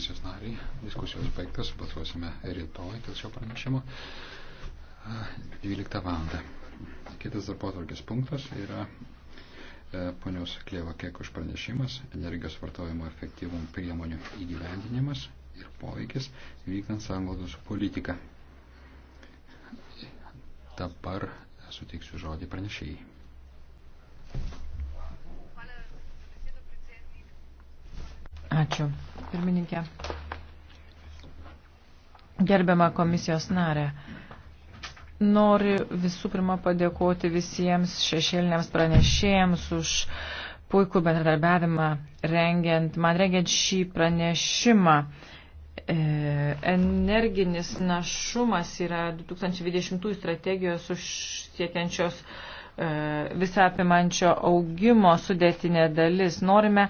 komisijos nariai. Diskusijos baigtas, balsuosime rytoj dėl šio pranešimo 12 val. Kitas darbo atvarkės punktas yra e, ponios Klėva Kekuš pranešimas, energijos vartojimo efektyvum priemonių įgyvendinimas ir poveikis vykdant sąnaudos politiką. Dabar suteiksiu žodį pranešėjai. Ačiū pirmininkė. Gerbiama komisijos narė. Noriu visų pirma padėkoti visiems šešėliniams pranešėjams už puikų bendradarbiavimą rengiant, man rengiant šį pranešimą. E, energinis našumas yra 2020 strategijos užsiekiančios E, visą apimančio augimo sudėtinė dalis. Norime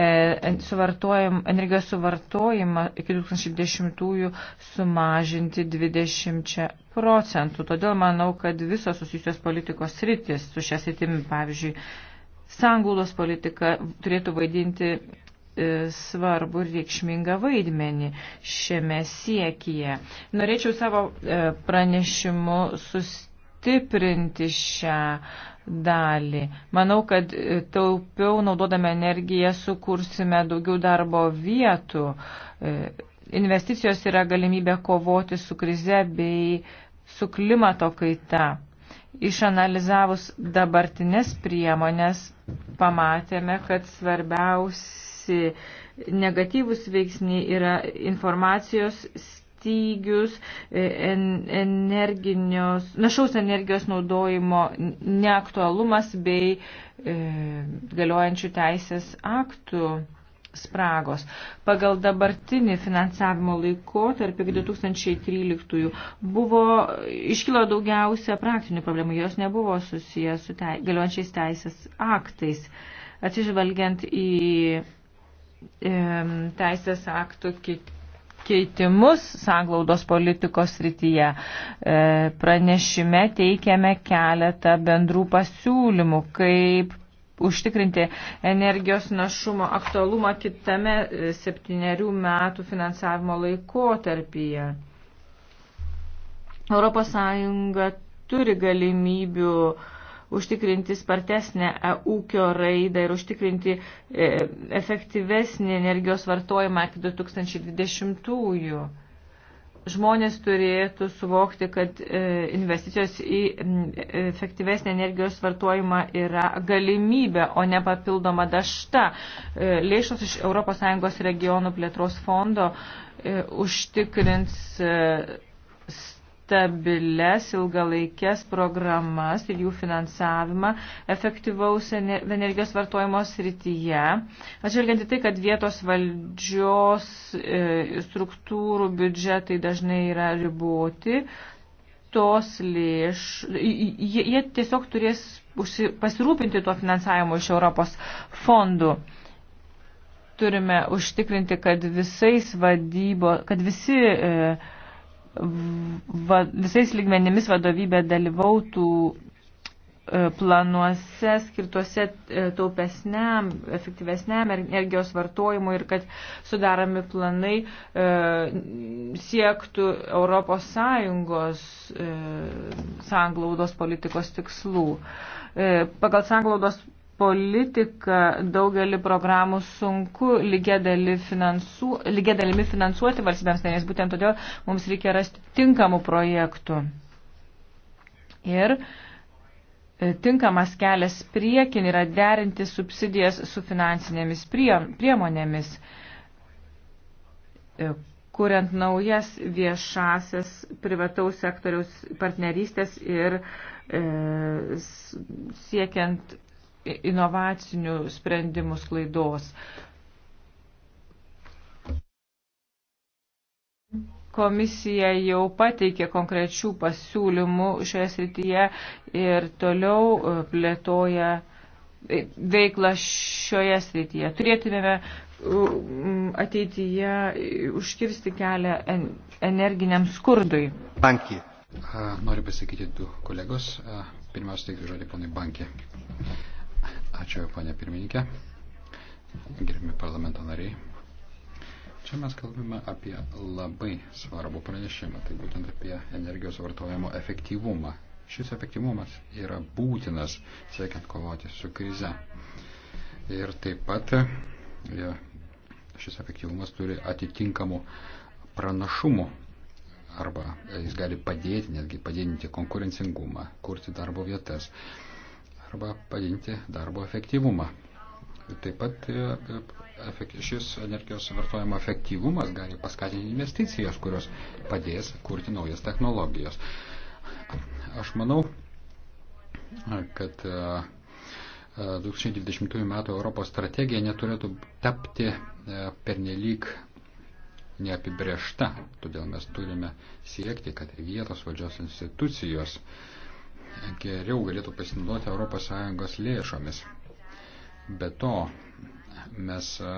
e, suvartojim, energijos suvartojimą iki 2010-ųjų sumažinti 20 procentų. Todėl manau, kad visos susijusios politikos rytis su šia sritimi, pavyzdžiui, sangulos politika turėtų vaidinti e, svarbu ir reikšmingą vaidmenį šiame siekyje. Norėčiau savo pranešimu sustikti stiprinti šią dalį. Manau, kad e, taupiau naudodami energiją sukursime daugiau darbo vietų. E, investicijos yra galimybė kovoti su krize bei su klimato kaita. Išanalizavus dabartinės priemonės, pamatėme, kad svarbiausi negatyvus veiksniai yra informacijos skirtumas stygius, e, našaus energijos naudojimo neaktualumas bei e, galiojančių teisės aktų spragos. Pagal dabartinį finansavimo laikotarpį 2013 buvo iškilo daugiausia praktinių problemų, jos nebuvo susijęs su tei, galiojančiais teisės aktais. Atsižvelgiant į e, teisės aktų kit, keitimus sanglaudos politikos rytyje. E, pranešime teikiame keletą bendrų pasiūlymų, kaip užtikrinti energijos našumo aktualumą kitame e, septyniarių metų finansavimo laikotarpyje. ES turi galimybių uh, užtikrinti spartesnę ūkio raidą ir užtikrinti e, efektyvesnį energijos vartojimą iki 2020-ųjų. Žmonės turėtų suvokti, kad e, investicijos į efektyvesnį energijos vartojimą yra galimybė, o ne papildoma dašta. E, lėšos iš ES regionų plėtros fondo užtikrins stabiles ilgalaikės programas ir jų finansavimą efektyvaus energijos vartojimo srityje. Atžvelgiant į tai, kad vietos valdžios e, struktūrų biudžetai dažnai yra riboti, tos lėš, jie, jie tiesiog turės pasirūpinti tuo finansavimu iš Europos fondų turime užtikrinti, kad, vadybo, kad visi e, va, visais lygmenimis vadovybė dalyvautų e, planuose skirtuose e, taupesniam, efektyvesniam er-, energijos vartojimui ir kad sudaromi planai e, siektų Europos Sąjungos e, sanglaudos politikos tikslų. E, pagal sanglaudos politiką daugelį programų sunku lygia, dalį finansu, lygia dalimi finansuoti valstybėms narės. Būtent todėl mums reikia rasti tinkamų projektų. Ir e, tinkamas kelias priekin yra derinti subsidijas su finansinėmis priemonėmis, e, kuriant naujas viešasias privataus sektoriaus partnerystės ir e, siekiant inovacinių sprendimų sklaidos. Komisija jau pateikė konkrečių pasiūlymų šioje srityje ir toliau e, plėtoja e, veiklą šioje srityje. Turėtumėme ateityje e, užkirsti kelią energiniam skurdui. Bankį. Noriu pasakyti du kolegos. Pirmiausia, teikiu žodį ponui Bankį. Ačiū, ponė pirmininkė. Gerbimi parlamento nariai. Čia mes kalbame apie labai svarbų pranešimą, tai būtent apie energijos vartojimo efektyvumą. Šis efektyvumas yra būtinas siekiant kovoti su krize. Ir taip pat e, šis efektyvumas turi atitinkamų pranašumų arba jis gali padėti, netgi padidinti konkurencingumą, kurti darbo vietas arba padinti darbo efektyvumą. Taip pat e, e, šis energijos vartojimo efektyvumas gali paskatinti investicijas, kurios padės kurti naujas technologijas. Aš manau, kad 2020 e, m. Europos strategija neturėtų tapti pernelyg neapibriešta. Todėl mes turime siekti, kad ir vietos valdžios institucijos uh, geriau galėtų pasinaudoti ES lėšomis. Be to, mes e,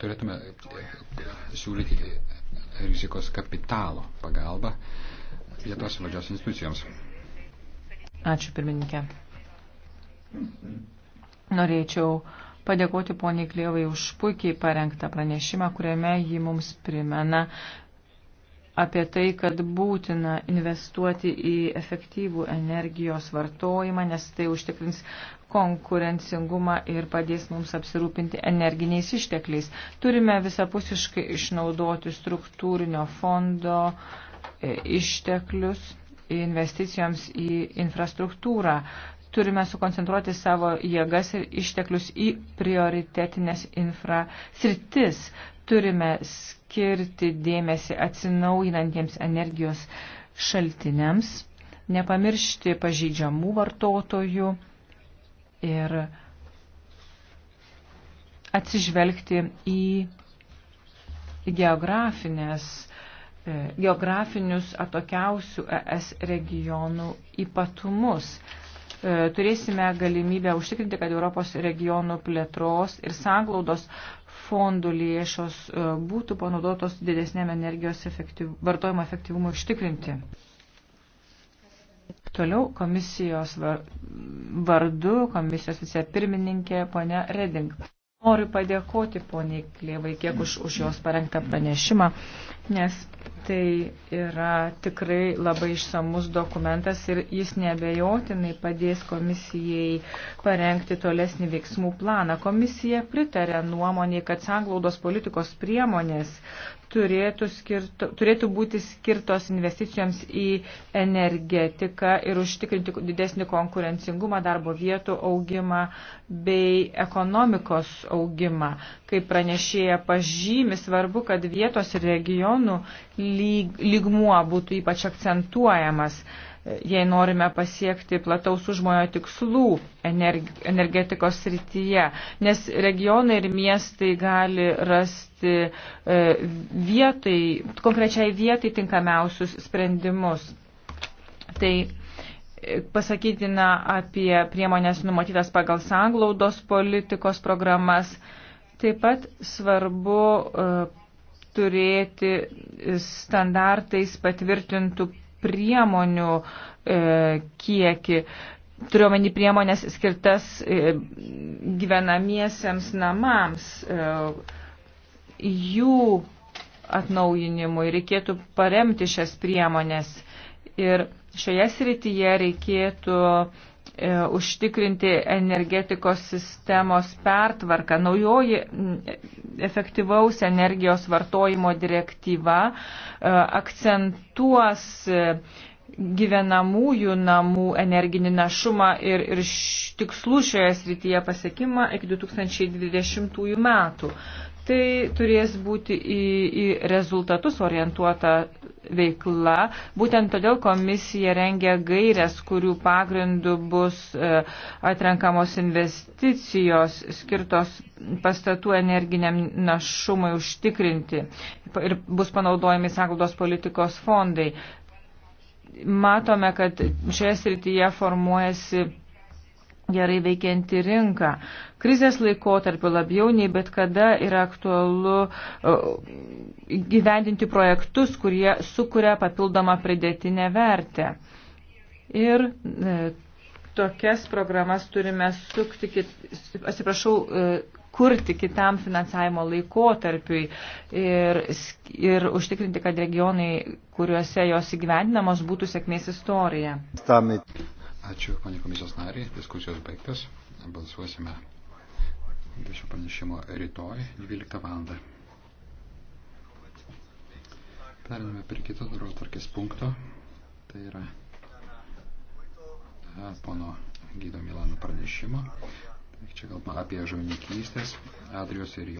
turėtume e, siūlyti rizikos kapitalo pagalbą vietos valdžios institucijoms. Ačiū, pirmininkė. Norėčiau padėkoti poniai Klievai už puikiai parengtą pranešimą, kuriame ji mums primena, apie tai, kad būtina investuoti į efektyvų energijos vartojimą, nes tai užtikrins konkurencingumą ir padės mums apsirūpinti energiniais ištekliais. Turime visapusiškai išnaudoti struktūrinio fondo e, išteklius investicijoms į infrastruktūrą. Turime sukoncentruoti savo jėgas ir išteklius į prioritetinės infrasritis turime skirti dėmesį atsinaujinantiems energijos šaltiniams, nepamiršti pažydžiamų vartotojų ir atsižvelgti į geografinės, e, geografinius atokiausių ES regionų ypatumus. E, turėsime galimybę užtikrinti, kad Europos regionų plėtros ir sanglaudos fondų lėšos e, būtų panaudotos didesnėm energijos efektyv... vartojimo efektyvumui užtikrinti. Toliau komisijos vardu, komisijos vicepirmininkė ponia Reding. Noriu padėkoti poniai Klėvai kiek už, už jos parengtą pranešimą, nes Tai yra tikrai labai išsamus dokumentas ir jis nebejotinai padės komisijai parengti tolesnį veiksmų planą. Komisija pritarė nuomonė, kad sanglaudos politikos priemonės turėtų, skirto, turėtų būti skirtos investicijoms į energetiką ir užtikrinti didesnį konkurencingumą, darbo vietų augimą bei ekonomikos augimą. Kaip pranešėja pažymi, svarbu, kad vietos ir regionų lyg, lygmuo būtų ypač akcentuojamas. Uh, jei norime pasiekti plataus užmojo tikslų energetikos srityje, nes regionai ir miestai gali rasti e, vietai, konkrečiai vietai tinkamiausius sprendimus. Tai e, pasakytina apie priemonės numatytas pagal sanglaudos politikos programas. Taip pat svarbu e, turėti standartais patvirtintų priemonių e, kiekį. Turiuomenį priemonės skirtas e, gyvenamiesiems namams, e, jų atnaujinimui reikėtų paremti šias priemonės. Ir šioje srityje reikėtų e, E, užtikrinti energetikos sistemos pertvarką. Naujoji efektyvaus energijos vartojimo direktyva e, akcentuos e, gyvenamųjų namų energinį našumą ir, ir tikslų šioje srityje pasiekimą iki 2020 metų. Tai turės būti į, į rezultatus orientuota veikla. Būtent todėl komisija rengia gairias, kurių pagrindų bus e, atrenkamos investicijos skirtos pastatų energiniam našumui užtikrinti ir bus panaudojami sąglaudos politikos fondai. Matome, kad šioje srityje formuojasi gerai veikianti rinka. Krizės laikotarpiu labiau nei bet kada yra aktualu e, gyvendinti projektus, kurie sukuria papildomą pridėtinę vertę. Ir e, tokias programas turime sukti, kit, atsiprašau, e, kurti kitam finansavimo laikotarpiui ir, ir užtikrinti, kad regionai, kuriuose jos įgyvendinamos, būtų sėkmės istorija. Stamit. Ačiū, panė komisijos nariai. Diskusijos baigtas. Balsuosime dėl šio pranešimo rytoj 12 val. Periname prie kito darbotvarkės punkto. Tai yra pono Gydo Milano pranešimo. Čia kalbama apie žaunikystės, Adrijos ir jų.